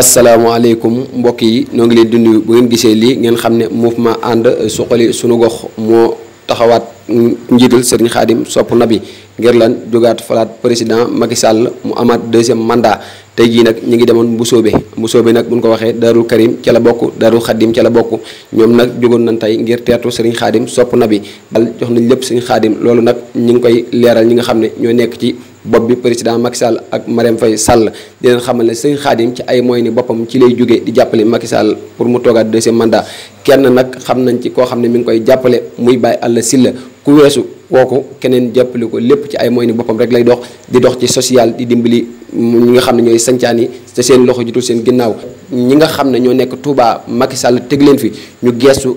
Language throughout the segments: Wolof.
asalaamaaleykum mbokk yi noo ngi leen dund nuyu bu ngeen gisee lii ngeen xam ne mouvement ànd suqali suñu gox moo taxawaat njiitul sëriñ xaadim sopp na bi ngir lan jógaat falaat président Macky Sall mu amaat deuxième mandat tey jii nag ñu ngi demoon Mbusoobe Mbusoobe nag buñ ko waxee Daarul Karim ca la bokk Daarul Xaddim ca la bokk ñoom nag jógoon nañ tey ngir teertu sëriñ xaadim sopp na bi jox nañ lépp sëriñ xaadim loolu nag ñu ngi koy leeral ñi nga xam ne ñoo nekk ci bopp bi président Macky Sall ak Marème Faye Sall di leen xamal ne sëñ Xaadim ci ay moyens ni boppam ci lay jóge di jàppale Macky Sall pour mu toogaat deuxième mandat kenn nag xam nañ ci koo xam ne mi ngi koy jàppale muy bàyyi àll silla ku weesu kooku keneen jàppale ko lépp ci ay moyens ni boppam rek lay dox di dox ci social di dimbali ñi nga xam ne ñooy sancaan yi te seen loxo jotul seen ginnaaw ñi nga xam ne ñoo nekk Touba Macky Sall teg leen fi ñu geestu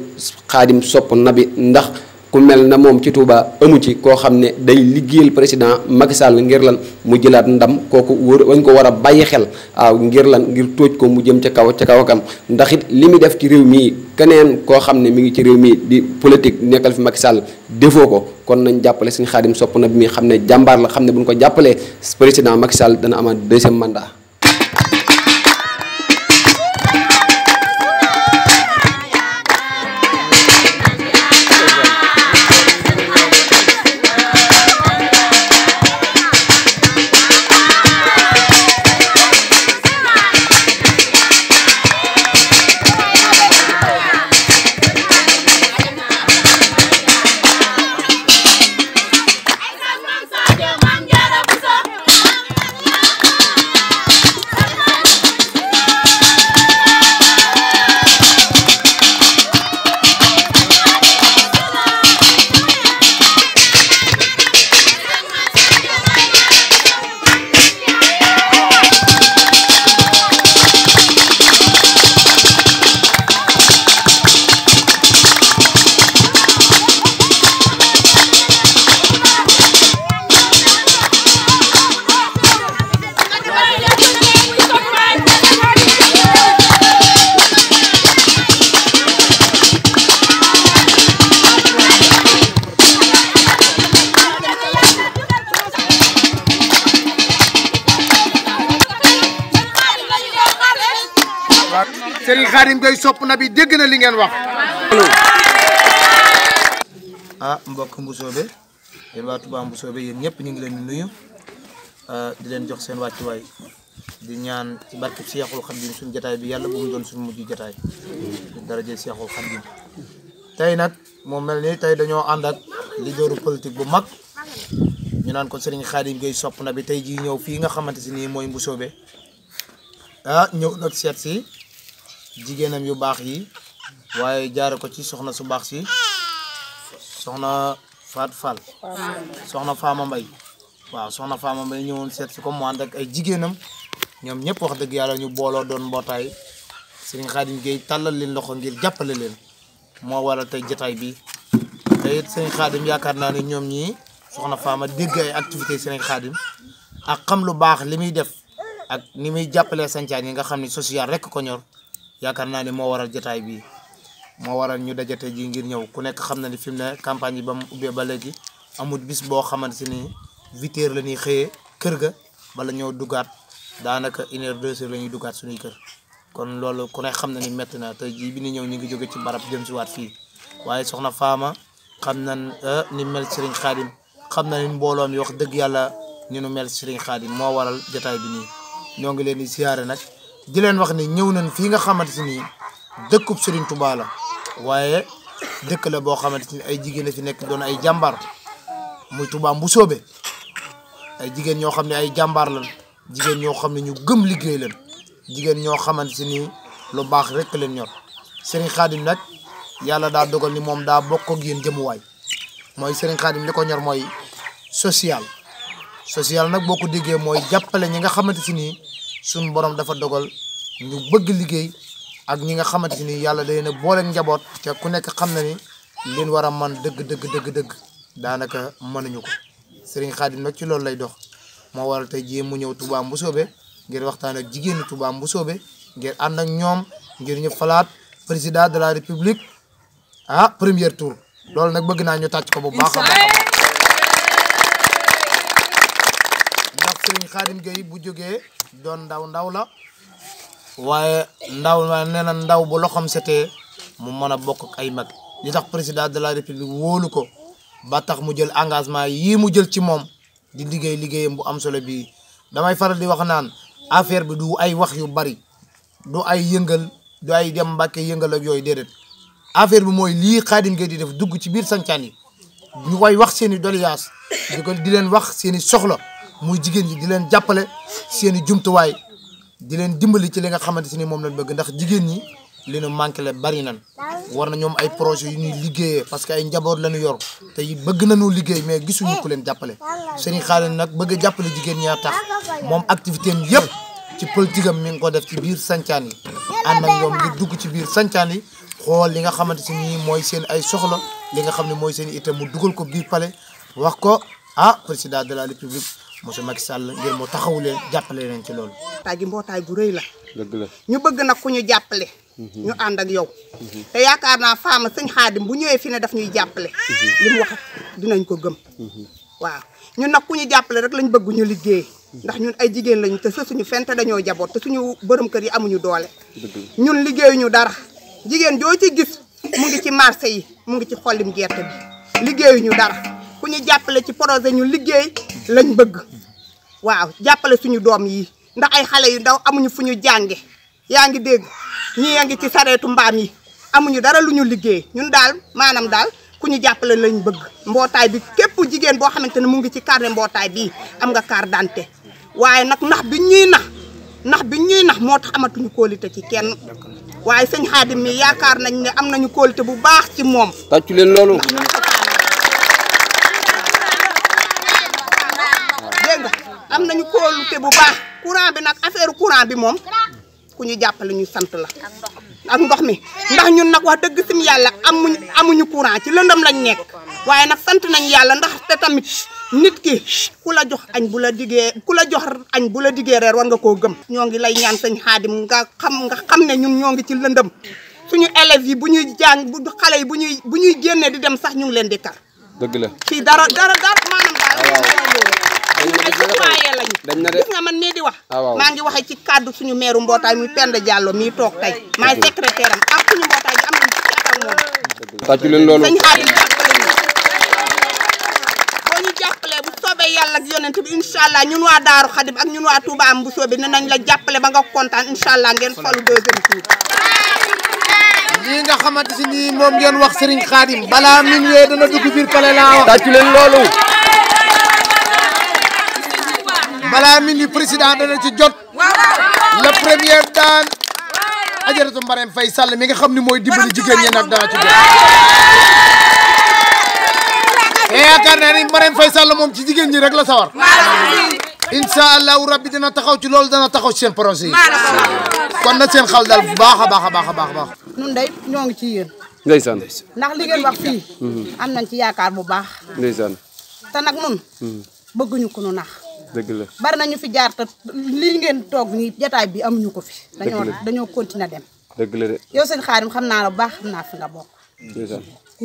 Xaadim sopp bi ndax ku mel na moom ci Touba amu ci koo xam ne day liggéeyal président Macky Sall ngir lan mu jëlaat ndam kooku wër wañ ko war a bàyyi xel waaw ngir lan ngir tóoj ko mu jëm ca kaw ca kaw kam ndax it li muy def ci réew mii keneen koo xam ne mu ngi ci réew mii di politique nekkal fi Macky Sall defoo ko kon nañ jàppale suñu xaadim sopp na bi mi xam ne jàmbaar la xam ne bu buñ ko jàppalee président Macky Sall dana amaat deuxième mandat Serigne Khadim Gueye sopp na bi dégg na li ngeen wax. ah mbokk be yéen waa Touba Mbusoobe yéen ñëpp ñu ngi leen di nuyu ah, di leen jox seen wàccuwaay di ñaan ci barkeb Seexul Xadim suñu jotaay bi yàlla bu doon suñu mujj jotaay daraje Seexul Xadim tey nag moom mel ni tey dañoo ànd li leaderu politique bu mag ñu naan ko Serigne Khadim Gueye sopp na bi tey jii ñëw fii nga xamante si ni mooy Mbusoobe ah ñëw nag seet si. jigéenam yu baax yi waaye jaare ko ci soxna su baax si soxna Faat Fall soxna Faama Mbay waaw soxna Faama Mbay ñëwoon seet si ko mu ànd ak ay jigéenam ñoom ñëpp wax dëgg yàlla ñu booloo doon mbootaay Serigne Khadim Gueye tàllal leen loxo ngir jàppale leen moo waral tey jotaay bi te it Serigne Khadim yaakaar naa ne ñoom ñii soxna Faama dégg ay activité Serigne Khadim ak xam lu baax li muy def ak ni muy jàppalee sancaan yi nga xam ni social rek ko ñor yaakaar naa ne moo waral jataay bi moo waral ñu dajate ji ngir ñëw ku nekk xam na ni fi mu ne campagne ba mu ubbee ba léegi amut bis boo xamante ni huit la ñuy xëyee kër ga bala ñëw duggaat daanaka une heure deux heures la ñuy dugaat suñuy kër kon loolu ku ne xam na ni métti na te jii bi ni ñëw ñu ngi jóge ci barab jëm si waat fii waaye soxna Faama xam na ni eh, mel Serigne Khadim xam na ni mbooloo mi dëgg yàlla ni nu mel Serigne Khadim moo waral jotaay bi nii ñoo ngi leen di nag. jileen wax ne ñëw nañ fii nga xamante ni dëkkub Serigne Touba la waaye dëkk la boo xamante ni ay jigéen la fi nekk doon ay jàmbaar muy tubaam bu soobee ay jigéen ñoo xam ne ay jàmbaar lañ jigéen ñoo xam ne ñu gëm liggéey lañ jigéen ñoo xamante ni lu baax rek leen ñor Serigne Khadim nag yàlla daa dogal ni moom daa bokk ak yéen jëmuwaay mooy Serigne Khadim li ko ñor mooy social social nag boo ko déggee mooy jàppale ñi nga xamante nii suñ borom dafa dogal ñu bëgg liggéey ak ñi nga xamante ni yàlla day ne boole njaboot te ku nekk xam na ni leen war a man dëgg dëgg dëgg dëgg daanaka mënuñu ko sëriñ Xaadim nag ci loolu lay dox moo waral tey jii mu ñëw Touba soobee ngir waxtaan ak jigéenu Touba Mbusoobe ngir ànd ak ñoom ngir ñu falaat président de la république ah premier tour loolu nag bëgg naa ñu tàcc ko bu baax Serigne Khadim bu jógee doon ndaw ndaw la waaye ndaw la nee na ndaw bu loxam setee mu mën a bokk ay mag li tax président de la république wóolu ko ba tax mu jël engagement yii mu jël ci moom di liggéey liggéeyam bu am solo bii damay faral di wax naan affaire bi du ay wax yu bari du ay yëngal du ay dem mbàkke yëngal ak yooyu déedéet affaire bi mooy lii Khadim Gueye di def dugg ci biir sancaan yi ñu koy wax seen i doliyaas di leen wax seen i soxla muy jigéen ñi di leen jàppale seen i jumtuwaay di leen dimbali ci li nga xamante si ni moom lañ bëgg ndax jigéen ñi li nu manqué le bari nan war na ñoom ay projet yu ñuy liggéeyee parce que ay njaboot lañu yor te bëgg na nañu liggéey mais gisuñu ku leen jàppale seeni i nag bëgg jàppale jigéen ñi tax moom activité yëpp ci politique am ko def ci biir sancaan yi ànd ak ñoom ngir dugg ci biir sancaan yi xool li nga xamante si ni mooy seen ay soxla li nga xam ne mooy seen itam mu dugal ko biir palais wax ko ah président de la république monsieur Macky Sall moo mu leen jàppale leen ci loolu. mbootaay gi mbootaay gu rëy la. ñu bëgg nag ku ñu jàppale. Mhm. ñu ànd ak yow. Mhm. te yaakaar naa faama sëñ xaadim bu ñëwee fi ne def ñuy jàppale. Mhm. li wax dinañ ko gëm. waaw ñun nag ku ñu jàppale rek lañ bëgg ñu liggéey. ndax ñu ay jigéen lañu te sa suñu fente dañoo jaboot te suñu borom kër yi amuñu doole. ñun liggéeyuñu dara jigéen joo ci gis mu ngi ci marché yi mu ngi ci xollim gerte bi liggéeyuñu dara. ku ñu jàppale ci projet ñu liggéey lañ bëgg waaw jàppale suñu doom yi ndax ay xale yu ndaw amuñu fu ñu jànge yaa ngi dégg ñii yaa ngi ci sareetu mbaam yi amuñu dara lu ñu liggéey ñun daal maanaam daal ku ñu jàppale lañ bëgg mbootaay bi képp jigéen boo xamante ne mu ngi ci carnet mbootaay bi am nga carte d'identité waaye nag nax bi ñuy nax nax bi ñuy nax moo tax amatuñu kóolite ci kenn waaye sëñ Xaadim mi yaakaar nañ ne am nañu kóolite bu baax ci moom tàccu leen loolu kóolute bu baax courant bi nag affaire courant bi moom ku ñu jàppale ñu sant la ak ndox mi ndax ñun nag wax dëgg sim yàlla amuñ amuñu courant ci lëndam lañ nekk waaye nag sant nañ yàlla ndax te tamit nit ki ku la jox añ bu la diggee ku la jox añ bu la diggee reer war nga koo gëm ñoo ngi lay ñaan sañ xaadim nga xam nga xam ne ñun ñoo ngi ci lëndëm suñu élèves yi bu ñuy jàng bu xale yi bu ñuy bu ñuy génnee di dem sax ñu ngi leen di kar ay citoyen lañu gis nga man mii di wax ah, maa kàddu suñu meeru mbootaay muy Penda Diallo mii toog tey maay secrétaire am ak suñu mbootaay bi am nañ fukki leen loolu ñun waa Daaru ak ñun waa Touba am la jàppale ba nga kontaan incha allah ngeen falu deuxième tour lii nga xamante si nii moom ngeen wax Serigne Khadim balaa min wee dana dugg biir pale laa wax tàccu leen loolu balaa midi président dana ci jot la première daan ajaratu Marème Faye Sall mi nga xam ni mooy dimbali jigéen ñi nag dana ci jot te yaakaar naa ni Marème moom ci jigéen ñi rek la sawar incha allahu rabbi dana taxaw ci loolu dana taxaw ci seen projet yi kon nag seen xal daal bu baax a baax a baax a baax. ñun day ñoo ngi ci yéen. ndeysaan ndax li ngeen wax fii. Mhm. am nañ ci yaakaar bu baax. ndeysaan te nag ñun. Mhm. bëgguñu ku nax. dëgg la bari nañu fi jaar te lii ngeen toog nii jataay bi amuñu ko fi. dañoo dañoo continuer dem. yow sëñ Xaadim xam naa la bu baax xam naa fi nga bokk.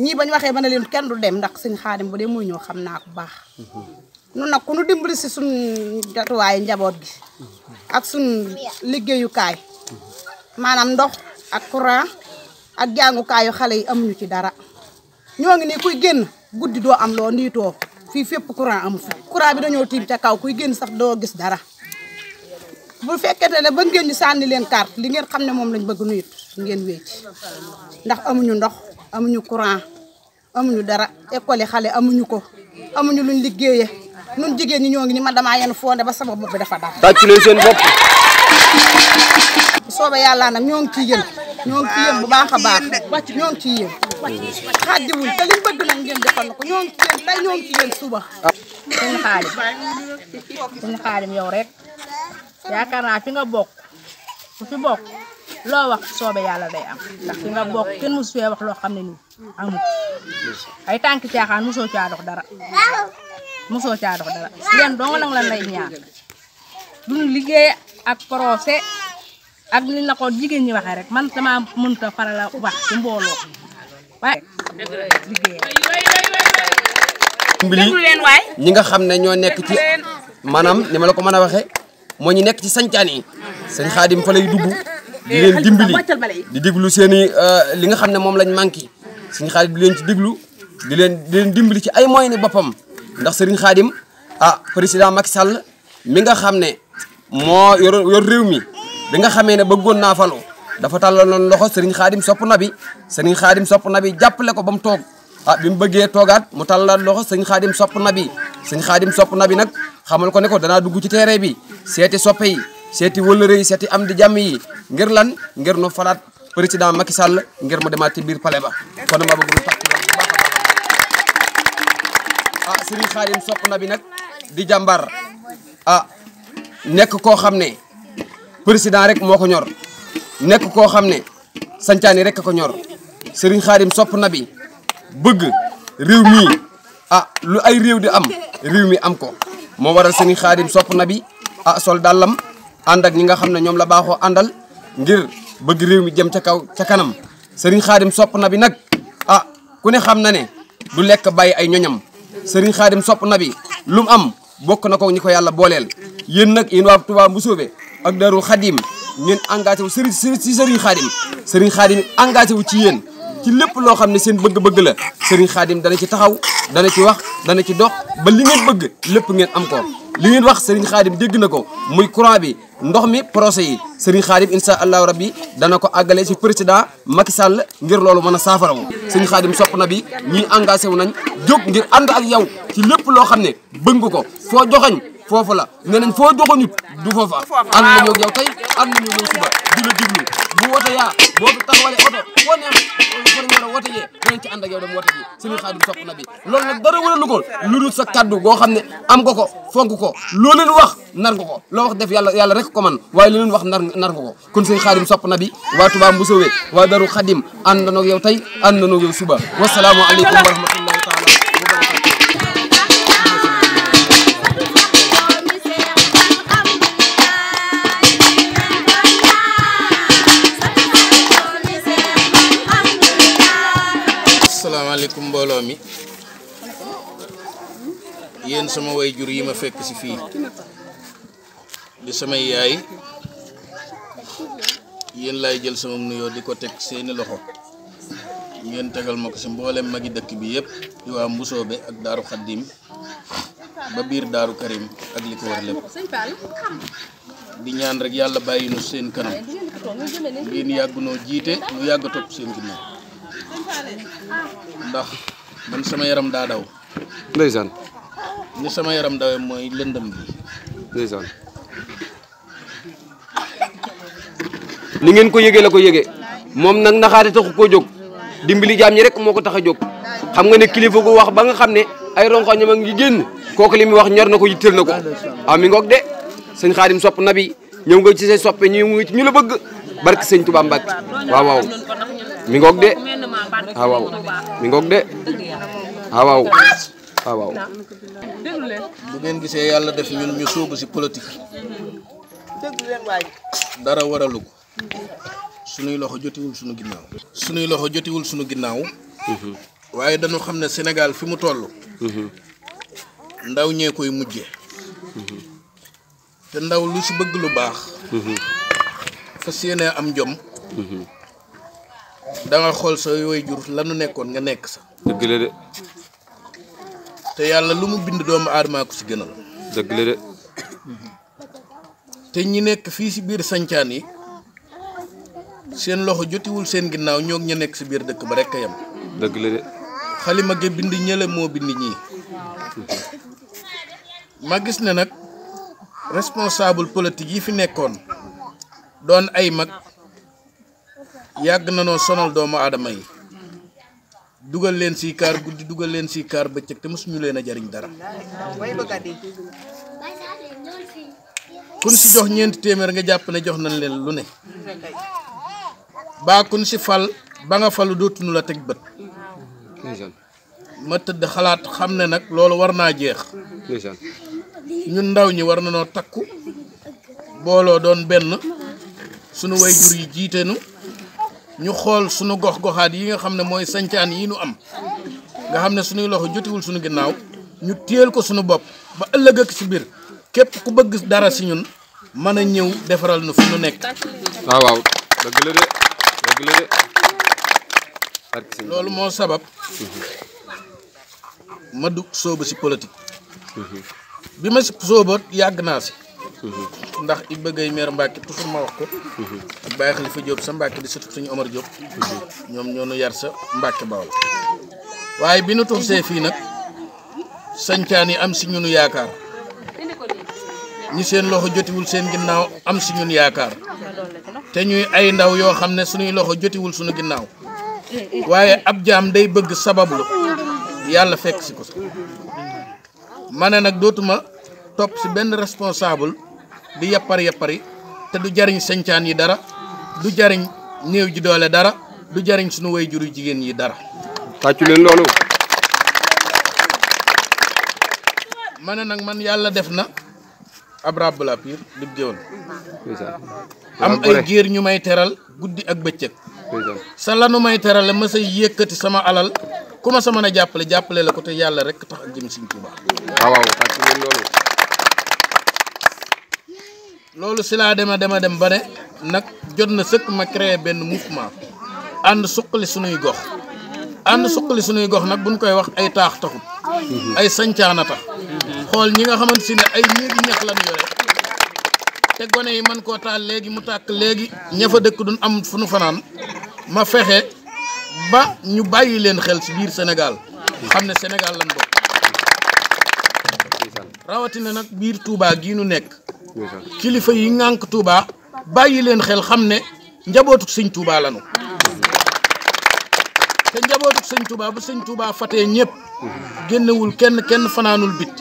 ñii bañ waxee ba na leen kenn du dem ndax sëñ Xaadim bu dee muy ñëw xam naa bu baax. nun nag ku nu dimbali si suñ jatuwaayu njaboot gi ak suñ liggéeyukaay maanaam ndox ak courant ak jàngukaayu xale yi amuñu ci dara ñoo ngi nii kuy génn guddi doo am loo niitoo fii fépp courant amu fi courant bi dañoo tiim ca kaw kuy génn sax doo gis dara bu fekkete ne ba ngeen ñu sànni leen carte li ngeen xam ne moom lañ bëgg nuyut ngeen wéy ci ndax amuñu ndox amuñu courant amuñu dara école xale amuñu ko amuñu luñ liggéeyee nun jigéen ñi ñoo ngi ñu ma damaa yenn fonde ba sama bopp bi dafa dara. tàcc leen seen bopp. bu soobee yàlla nag ñoo ngi ciy yéen ñoo ngi ciy yéen bu baax a baax ñoo ngi ciy yéen. xàjjiwul te liñ bëgg nag ngeen defal na ko ñoo ngi ci yéen tey ñoo ngi ci yéen suba. suñu xaadim suñu xaadim yow rek yaakaar naa fi nga bokk ku fi bokk loo wax soobe yàlla day am ndax fi nga bokk kenn mosu fee wax loo xam ne nii amul ay tànk caaxaan mosoo caa dox dara mosoo caa dox dara leen dong nag lan lay ñaan duñu liggéey ak procès ak li la ko jigéen ñi waxee rek man dama mënta farala wax ci mbooloo waay ñi nga xam ne ñoo nekk ci maanaam ni ma la ko mën a waxee moo ñu nekk ci sañcaan yi sëñ Xaadim fa lay dugg di leen dimbali di déglu seen i euh, li nga xam ne moom lañ manqué sëñ Xaadim di leen ci déglu di leen di leen ci ay moyens ni boppam ndax sëriñ Xaadim ah président Macky Sall mi nga xam ne moo yor yor réew mi bi nga xamee ne bëggoon naa falo dafa tàllaloon loxo sëriñ xaadim sopp na bi sëriñ xaadim sopp na bi jàppale ko ba mu toog a ah, bi mu bëggee toogaat mu tàllal loxo sëriñ xaadim sopp na bi sëriñ xaadim sopp na bi nag xamal ko ne ko danaa dugg ci terrain bi seeti soppe yi seeti wëllëre yi seeti am di jàmm yi ngir lan ngir nu falaat président makki Sall ngir mu demaat ci biir palais ba kon ma a ah sëriñ xaadim na bi nag di jàmbar ah nekk koo xam ne président rek moo ko ñor nekk koo xam ne sancaani rek a ko ñor sëriñ Khadim sopp na bi bëgg réew mii ah lu ay réew di am réew mi am ko moo waral Serigne Khadim sopp na bi ah sol dàllam ànd ak ñi nga xam ne ñoom la baaxoo àndal ngir bëgg réew mi jëm ca kaw ca kanam sëriñ Khadim sopp na bi nag ah ku ne xam na ne du lekk bàyyi ay ñoñam sëriñ Khadim sopp na bi lu am bokk na ko ñi ko yàlla booleel yéen nag yéen waa Touba Mboussobé ak Daaru Khadim ngeen engagé wu sëriñ si sëriñ Xaadim sëriñ Xaadim engagé wu ci yéen ci lépp loo xam ne seen bëgg-bëgg la sëriñ Xaadim dana ci taxaw dana ci wax dana ci dox ba li ngeen bëgg lépp ngeen am ko li ngeen wax sëriñ Xaadim dégg na ko muy courant bi ndox mi procès yi sëriñ Xaadim incha allahu rabbi dana ko àggale si président Macky Sall ngir loolu mën a saafara wu sëriñ Xaadim sopp na bi ñii engagé wu nañ jóg ngir ànd ak yow ci lépp loo xam ne bëgg ko foo joxañ foofu la nee foo doxoñut du foofa ànd nañu ak yow tey ànd nañu ak yow suba di la diglu bu wote a wote jee dinañ ci ànd ak yow dem wote ji na bi loolu nag dara waralu ko lu dul sa kaddu goo xam ne am nga ko fonk ko loo leen wax nar nga ko loo wax def yàlla yàlla rek ko man waaye lu leen wax nar nar nga ko kon suñu xaadim sopp na bi waa Touba Mboussowe waa Darou Khadim ànd nañu ak yow tey ànd na ak yow suba wasalaamu aleykum wa rahmatullahi taala mi sama way jur yi ma fekk ci fii di samay yaay yéen lay jël sama nuyoo di ko teg seeni loxo ngeen tegal ma ko ci mboolem magi dëkk bi yépp di waa Mbusoobe ak Daaru Xaddim ba biir Daaru Karim ak li ko war lépp di ñaan rek yàlla bàyyi nu seen kanam ngeen yàgg jiite nu yàgg seen ginnaaw ndax man sama yaram daa daw. ndeysaan. sama yaram dawee mooy lëndëm bi. ndeysaan. ngeen ko yëgee la ko yëgee moom nag naxaate taxu koo jóg dimbili jaam ñi rek moo ko tax a jóg xam nga ne kilifa gu wax ba nga xam ne ay rongoñam a ngi génn kooku li muy wax ñor na ko yittal na ko ah mi ngoog de sëñ Xaadim sopp nabi ñëw nga ci say soppe ñu ngi ci ñu la bëgg barke sëñ Tuubaa Mbàkke waaw waaw mi ngoog de waaw waaw bu ngeen gisee yàlla def ñun ñu sóobu si politique dara waralu ko sunuy loxo jotiwul sunu ginnaaw. sunuy loxo jotiwul sunu ginnaaw. waaye dañu xam ne Sénégal fi mu toll. ndaw ñee koy mujje te ndaw lu si bëgg lu baax. fas yéenee am jom. da xool sa yooyu jur lanu nekkoon nga nekk sa. te yàlla lu mu bind doomu aadama ko si gënal. dëgg te ñi nekk fii si biir sancaan yi seen loxo jotiwul seen ginnaaw ñoo ña nekk si biir dëkk ba rekk a yem. dëgg la de. xalima ge bind ñële moo bind ñii. ma gis ne nag responsable politique yi fi nekkoon doon ay mag. yàgg na noo sonal doomu aadama yi dugal leen si kaar guddi dugal leen si kaar bëccëg te mosuñu leen a jariñ dara kun si jox ñeenti téeméer nga jàpp ne jox nañ leen lu ne baa kun si fal ba nga falu dootuñu la teg bët ma tëdd xalaat xam ne nag loolu war naa jeex ñun ndaw ñi war na noo takku booloo doon benn sunu way jur yi jiite ñu xool sunu gox-goxaat yi nga xam ne mooy sañcaan yi nu am nga xam ne suñuy loxo jotiwul suñu ginnaaw ñu téyel ko suñu bopp ba ëllëg ak si biir képp ku bëgg dara si ñun mën a ñëw defaral nu fi ñu nekk loolu moo sabab ma du sóobu si politique mhm. bi ma si yàgg naa si ndax Ibba Gueye maire Mbacke toujours ma wax ko. ak mhm. Baye Khalifa Diop sa Mbacke di surtout suñu Omar Diop. Mhm. ñoom ñoo nu yar sa Mbacke Bawol. waaye bi nu tuusee fii nag sañcaan yi am si ñunu yaakaar ñi seen loxo jotiwul seen ginnaaw am si ñun yaakaar te ñuy ay ndaw yoo xam ne suñuy loxo jotiwul suñu ginnaaw waaye ab jaam day bëgg sabablu yàlla fekk si ko. Mhm. ma ne nag dootuma topp si benn responsable di yappar yappari te du jariñ sencaan yi dara du jariñ néew ji doole dara du jariñ sunu way juru jigéen yi dara tàccu leen loolu ma ne nag man yàlla def na ab ràbb la piir dib géwël am ay géer ñu may teral guddi ak bëccëg sa lanu may terale ma say yëkkati sama alal ku ma sa mën a jàppale jàppale la ko te yàlla rek tax ak jëm Sëriñ Tuubaa ah, loolu si laa dema dema dem ba ne nag jot na sëkk ma créé benn mouvement ànd suqali suñuy gox ànd suqali suñuy gox nag buñ koy wax ay taax taxut ay sancaana xool ñi nga xamante si ne ay néegi ñax lañu yore te gone yi man koo taal léegi mu tàkk léegi ña fa dëkk duñ am fu nu fanaan ma fexe ba ñu bàyyi leen xel ci biir senegaal xam ne Sénégal lan bokk rawatina nag biir tuubaa gii nu nekk kilifa yi ŋànk Touba bàyyi leen xel xam ne njabootuk sëñ Touba lanu te njabootuk sëñ Touba bu sëñ Touba fatee ñëpp génnewul kenn kenn fanaanul bit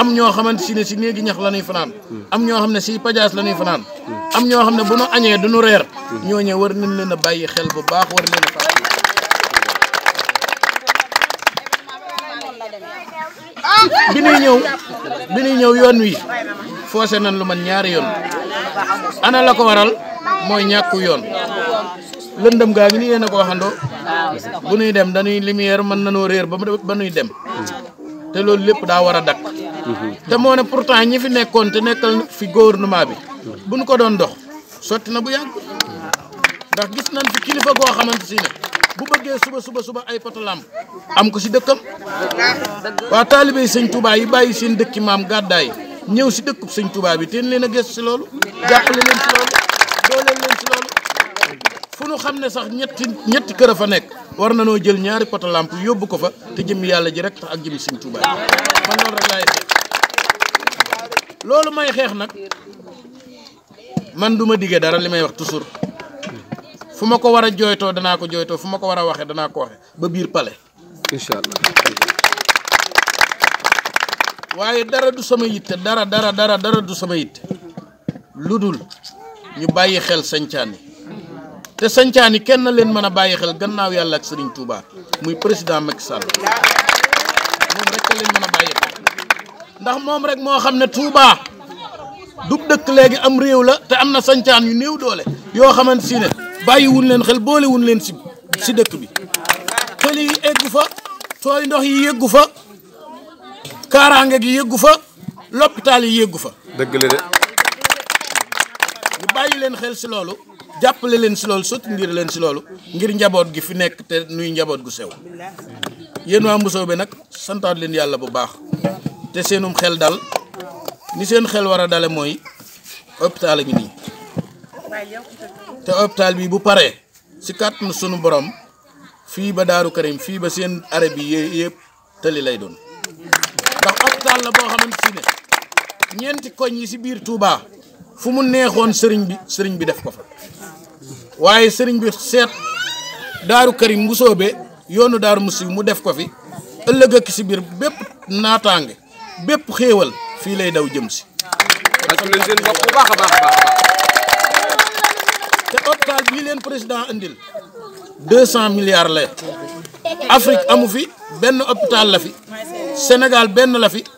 am ñoo xamante si ne si néegi ñax la ñuy fanaan am ñoo xam ne si pajaas la ñuy fanaan am ñoo xam ne bu nu añee du nu reer ñooñee war nañ leen a bàyyi xel bu baax war leen a bi ñuy ñëw bi ñuy ñëw yoon wi foose nañ lu man ñaari yoon ana la ko waral mooy ñàkku yoon lëndëm gaa bi ni yéen a ko waxandoo bu nuy dem dañuy lumière mën nanoo réer ba ba nuy dem te loolu lépp daa war a dakk mhm. te moo ne pourtant ñi fi nekkoon te nekkal fi gouvernement bi bu ñu ko doon dox sotti na bu yàgg mhm. ndax gis nañ fi kilifa goo xamante si bu bëggee suba suba suba ay poto làmp am ko si dëkkam waa taalibe yi sëñ Touba yi bàyyi seen dëkki maam gàddaay ñëw si dëkku sëñ Touba bi teen leen a gëstu si loolu jàppale leen si loolu dooleel leen si loolu fu nu xam ne sax ñetti ñetti kër a fa nekk war na noo jël ñaari poto lamp yóbbu ko fa te jëm yàlla ji rek tax ak jëm sëñ Touba man loolu may xeex nag man du ma diggee dara li may wax toujours fu ma ko war a jooytoo danaa ko jooytoo fu ma ko war a waxee danaa ko waxee ba biir palais incha waaye dara du sama yitte dara dara dara dara du sama yitte lu dul ñu bàyyi xel sancaani te sancaani kenn leen mën a bàyyi xel gannaaw yàlla ak Serigne Touba muy président Macky Sall moom rek leen mën a bàyyi xel ndax moom rek moo xam ne Touba du dëkk léegi am réew la te am na sancaan yu néew doole yoo xamante si bàyyiwuñ leen xel boolewuñ leen si si dëkk bi xel yi eggu fa tooy ndox yi yëggu fa kaaraanga gi yëggu fa loppitaal yi yëggu fa. dëgg la de. ñu bàyyi leen xel si loolu jàppale leen si loolu ngir leen si loolu ngir njaboot gi fi nekk te nuy njaboot gu sew yéen waa bi nag santaat leen yàlla bu baax te seenum xel dal ni seen xel war a dale mooy hôpital a ngi nii. te optaal bii bu paree si kàttanu sunu borom fii ba Daaru Karim fii ba seen arab yi yooyu yëpp tëli lay doon ndax hôpital la boo xamante si ne ñeenti koñ yi si biir Touba fu mu neexoon sëriñ bi sëriñ bi def ko fa waaye sëriñ bi seet Daaru Karim bu soobee yoonu Daaru Musi mu def ko fi ëllëg ak si biir bépp naataange bépp xéewal fii lay daw jëm si. hôpital bii leen président indil deux cent milliards la Afrique amu fi benn hôpital la fi Sénégal benn lafi fi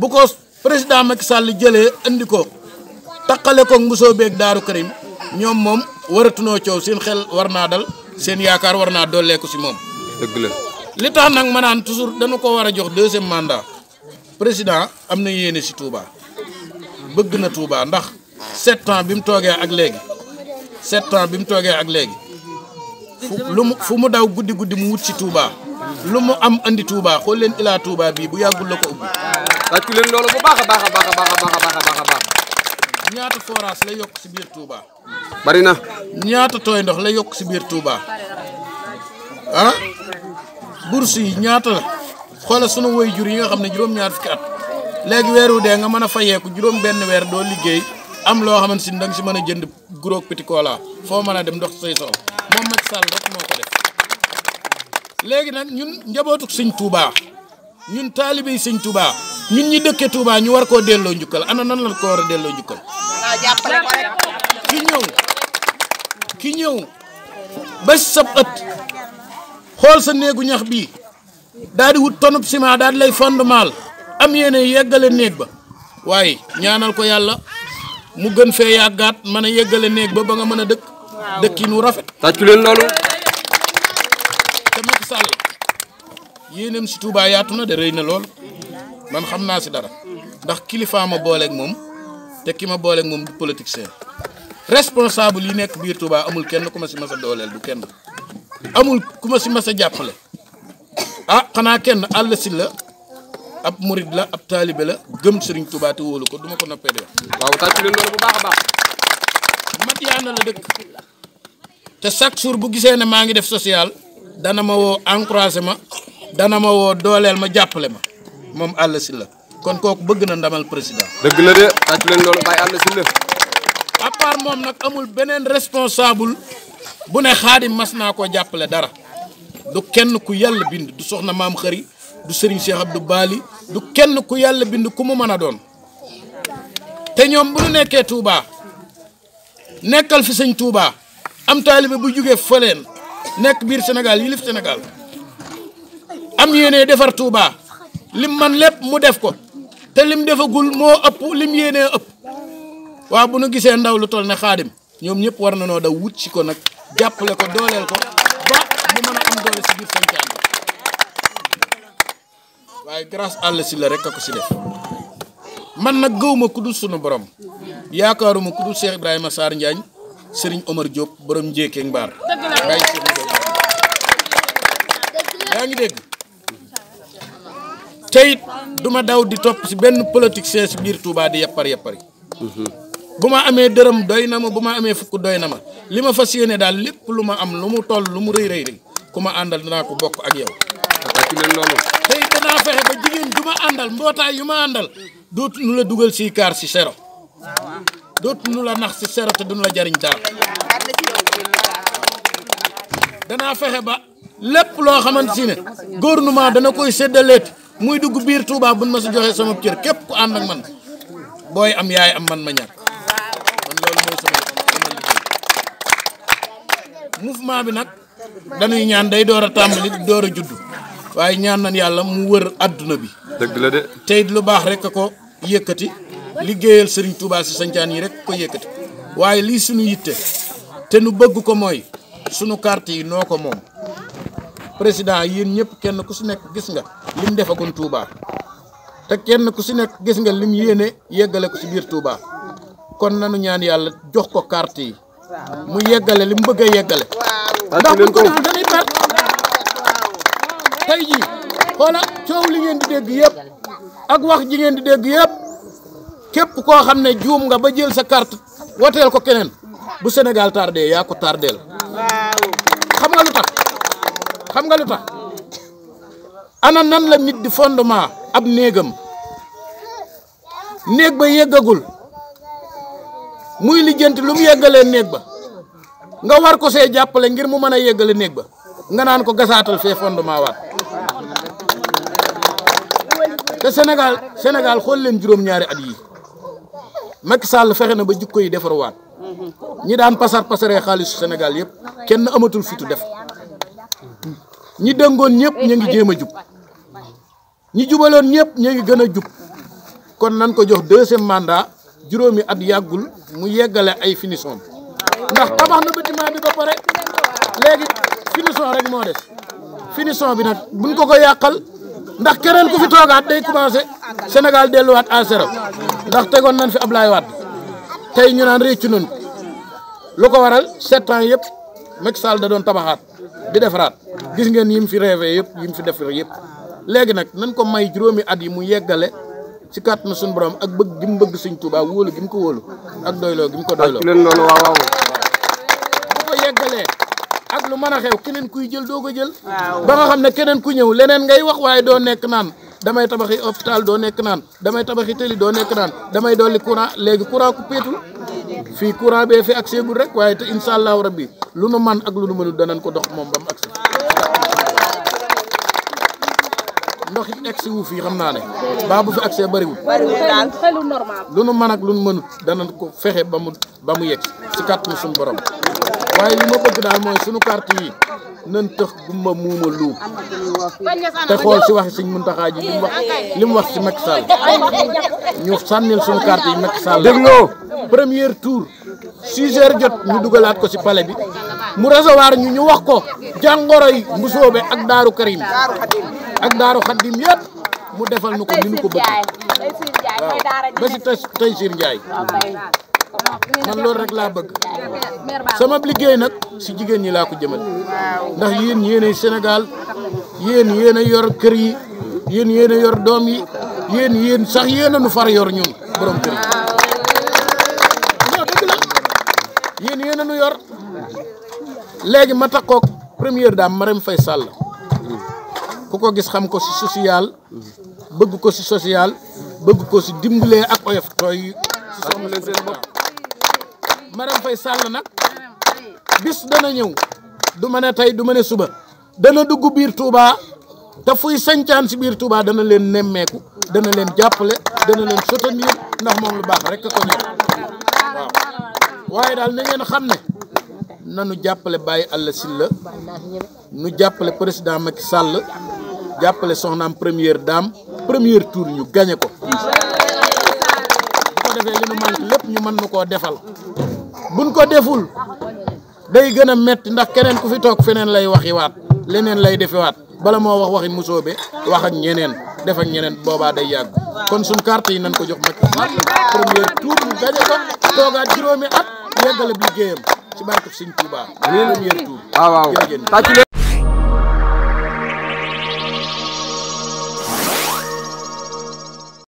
bu ko président Macky Sall jëlee indi ko taqale ko Mbusoo beeg Daaru Karim ñoom moom waratunoo coow seen xel war naa dal seen yaakaar war naa dooleeku si moom. li tax nag manaan naan toujours dañu ko war a jox deuxième mandat président am na yéene si Touba bëgg na Touba ndax sept ans bi mu toogee ak léegi. sept ans bi mu toogee ak léegi fu lu mu fu mu daw guddi guddi mu wut si Touba lu mu am andi Touba xool leen Ila Touba bii bu yàggul la ko ubbi. tàccu leen loolu bu baax a baax a baax ñaata forage la yokk si biir Touba. bari na. ñaata tooy ndox la yokk si biir Touba ah bourse ñaata la xoolal sunu woy jur yi nga xam ne juróom-ñaar fukki at léegi weer wu dee nga mën a fayeeku juróom benn weer doo liggéey. am loo xamante ni da nga si mën a jënd gros petit cola foo mën a dem ndox say soxla moom Macky Sall rek moo ko def léegi nag ñun njabootu sëñ Touba ñun taalibe yi sëñ Touba ñun ñi dëkkee Touba ñu war koo delloo njukkal ana nan la ko war a delloo njukkal. ki ñëw ki ñëw ba sab ët xool sa néegu ñax bi daal wut tonub ciment daal di lay fondement am yéene yeggale néeg ba waaye ñaanal ko yàlla. mu gën fee yàggaat mën a yeggale néeg ba ba nga mën a dëkk. dëkkinu rafet. tàccu leen loolu. te Macky Sall yéeneem si Touba yaatu na de rëy na lool man xam naa si dara ndax kilifaa ma booleek moom te ki ma booleeg moom du politicien responsable yi nekk biir Touba amul kenn ku ma si mas a dooleel du kenn amul ku ma si mas a jàppale ah xanaa kenn àll la. ab murid la ab taalibe la gëm Serigne Touba te wóolu ko duma ko noppee de waaw tàccu leen loolu bu baax a baax na la dëkk te chaque jour bu gisee ne maa ngi def social dana ma woo encouragé ma dana ma woo dooleel ma jàppale ma moom Alla la kon kooku bëgg na ndamal président dëgg la de tàccu leen loolu bàyyi Alla Sylla à part moom nag amul beneen responsable bu ne xaadim mas naa koo jàppale dara du kenn ku yàlla bind du soxna maam xëri du Serigne Cheikh Abdou Bali du kenn ku yàlla bind ku mu mën a doon te ñoom bu ñu nekkee Touba nekkal fi sëñ Touba am taalibe bu jugee fëleen nekk biir senegal yilif senegal am yéene defar Touba lim man lépp mu def ko te lim defagul moo ëpp lim yéenee ëpp waaw bu nu gisee ndaw lu toll ne xaadim ñoom ñëpp war na noo da wut ci ko nag jàppale ko dooleel ko ba mu mën a am doole si biir Sénégal waaye grâce Alla Sylla rek a ko si def man nag gëwma ku dul sunu borom yaakaaruma ku dul Cheikh Ibrahima Sarr Njaañ Serigne Omar Diop borom njéekee mbaar bàyyi yaa ngi dégg teyit duma daw di topp si benn politicien si biir Touba di yappar yappari bu ma amee dërëm doy na ma bu ma amee fukk doy na ma li ma fas yéene daal lépp lu ma am lu mu toll lu mu rëy rëy ku ma àndal danaa ko bokk ak yow ku mel noonu. tey danaa fexe ba jigéen ju ma àndal mbootaay yu ma àndal dootu nu la dugal si kaar si sero dootu nu la nax si sero te duñu la jariñ dara danaa fexe ba lépp loo xamante si nu gouvernement dana koy séddaleet muy dugg biir Touba buñ ma si joxee sama cër képp ku ànd ak man booy am yaay am man ma ñàkk man loolu bi nag dañuy ñaan day door a tàmbali door a juddu waaye ñaan nañ yàlla mu wër àdduna bi. dëgg la de. tey lu baax rek a ko yékkati liggéeyal Serigne Touba si sancaan yi rekk ko yëkkati waaye lii suñu yitte te nu bëgg ko mooy sunu carte yi noo ko moom président yéen ñëpp kenn ku si nekk gis nga lim defagun Touba te kenn ku si nekk gis nga lim yéene yeggale ko si biir Touba kon nanu ñaan yàlla jox ko carte yi mu yeggale li mu bëgg yeggale. ndax bu ko dañuy perte. tey ji coow li ngeen di dégg yëpp ak wax ji ngeen di dégg yépp képp koo xam ne juum nga ba jël sa carte woteel ko keneen bu Sénégal tardé yaa ko tardeel xam nga nga lu ana nan la nit di fondement ab néegam néeg ba yeggagul muy lijjanti lu mu yeggalee néeg ba nga war ko see jàppale ngir mu mën a yeggale néeg ba nga naan ko gasaatal fee fondement waat te senegal Sénégal xool leen juróom-ñaari at yi Macky sàll fexe na ba jug jikko yi defarwaat ñi daan pasar pasaree xaalisu senegal yëpp kenn amatul fitu def ñi dëngoon ñëpp ñu ngi jéem a jub ñi jubaloon ñëpp ñu ngi gën a jub kon nan ko jox deuxième mandat juróomi at yàggul mu yeggale ay finition ndax tabax na bâtiment bi ba pare léegi finition rek moo des finition bi nag buñ ko ko yàqal. ndax keneen ku fi toogaat day commencé Sénégal delluwaat à zéro ndax tegoon nañ fi Ablaye waat tey ñu naan réccu nañ lu ko waral sept ans yëpp Macky Sall da doon tabaxaat di defaraat gis ngeen yim fi rêvé yëpp yim fi def yëpp léegi nag nañ ko may juróomi at yi mu yeggale ci kàttanu suñu borom ak bëgg gi mu bëgg Sëñ Tuubaa wóolu gi mu ko wóolu ak doyloo gi mu ko doyloo. waaw waaw lu man a xew keneen kuy jël doo ko jël ba nga xam ne keneen ku ñëw leneen ngay wax waaye doo nekk naan damay tabaxi hôpital doo nekk naan damay tabaxi tëli doo nekk naan damay dolli courant léegi courant ku péetul fii courant be fi accès gul rek waaye te incha allahu rabbi lu nu man ak lu nu mënul danañ ko dox moom ba mu accès ndox fii xam naa ne baa bu fi accès bëriwul lu man ak lu nu mënut danañ ko fexe ba mu ba mu yegg si kàttanu suñu borom waaye li ma bëgg daal mooy sunu carte yi nan gumba muuma luub te xool si wax Sëñ Muntaxa ji li wax li mu wax si Macky Sall ñu sànnil sunu carte yi Macky Sall dégloo premier tour six heures jot ñu dugalaat ko si palais bi mu recevoir ñu ñu wax ko jàngoro yi mbusoobe ak daaru karim ak daaru xaddim yëpp mu defal nu ko ni nu ko bëgg ba si Taysiir Njaay man loolu rek laa bëgg sama liggéey nag si jigéen ñi laa ko jëmal ndax yéen yéenay Sénégal yéen yéen a yor kër yi yéen yéen a yor doom yi yéen yéen sax yéen a nu far yor ñun borom kër yi non dëgg a nu yor léegi ma takkoog première dame Marème Faye Sall ku ko gis xam ko si social bëgg ko si social bëgg ko si dimbalee ak oyof tooy Marème Faye Sall nag bis dana ñëw du ma ne tey du ma ne suba dana dugg biir Touba te fuy sañcaan si biir Touba dana leen nemmeeku dana leen jàppale dana leen soutenir ndax moom lu baax rek ko nekk waaw waaye daal na ngeen xam ne nanu jàppale Baye Alla Sylla nu jàppale président Macky sàll jàppale soxnaam première daam première tour ñu gañe ko bu ko defee li nu manque lépp ñu mën nu koo defal buñ ko deful day gën a metti ndax keneen ku fi toog feneen lay waxi waat leneen lay defi waat bala moo wax waxi musoobe wax ak ñeneen def ak ñeneen boobaa day yàgg kon suñ carte yi nañ ko jox Macky Sall premier tour mu gañe ko toogaat juróomi at yeggale liggéeyam ci barke Sëñ Tuubaa premier tour waaw waaw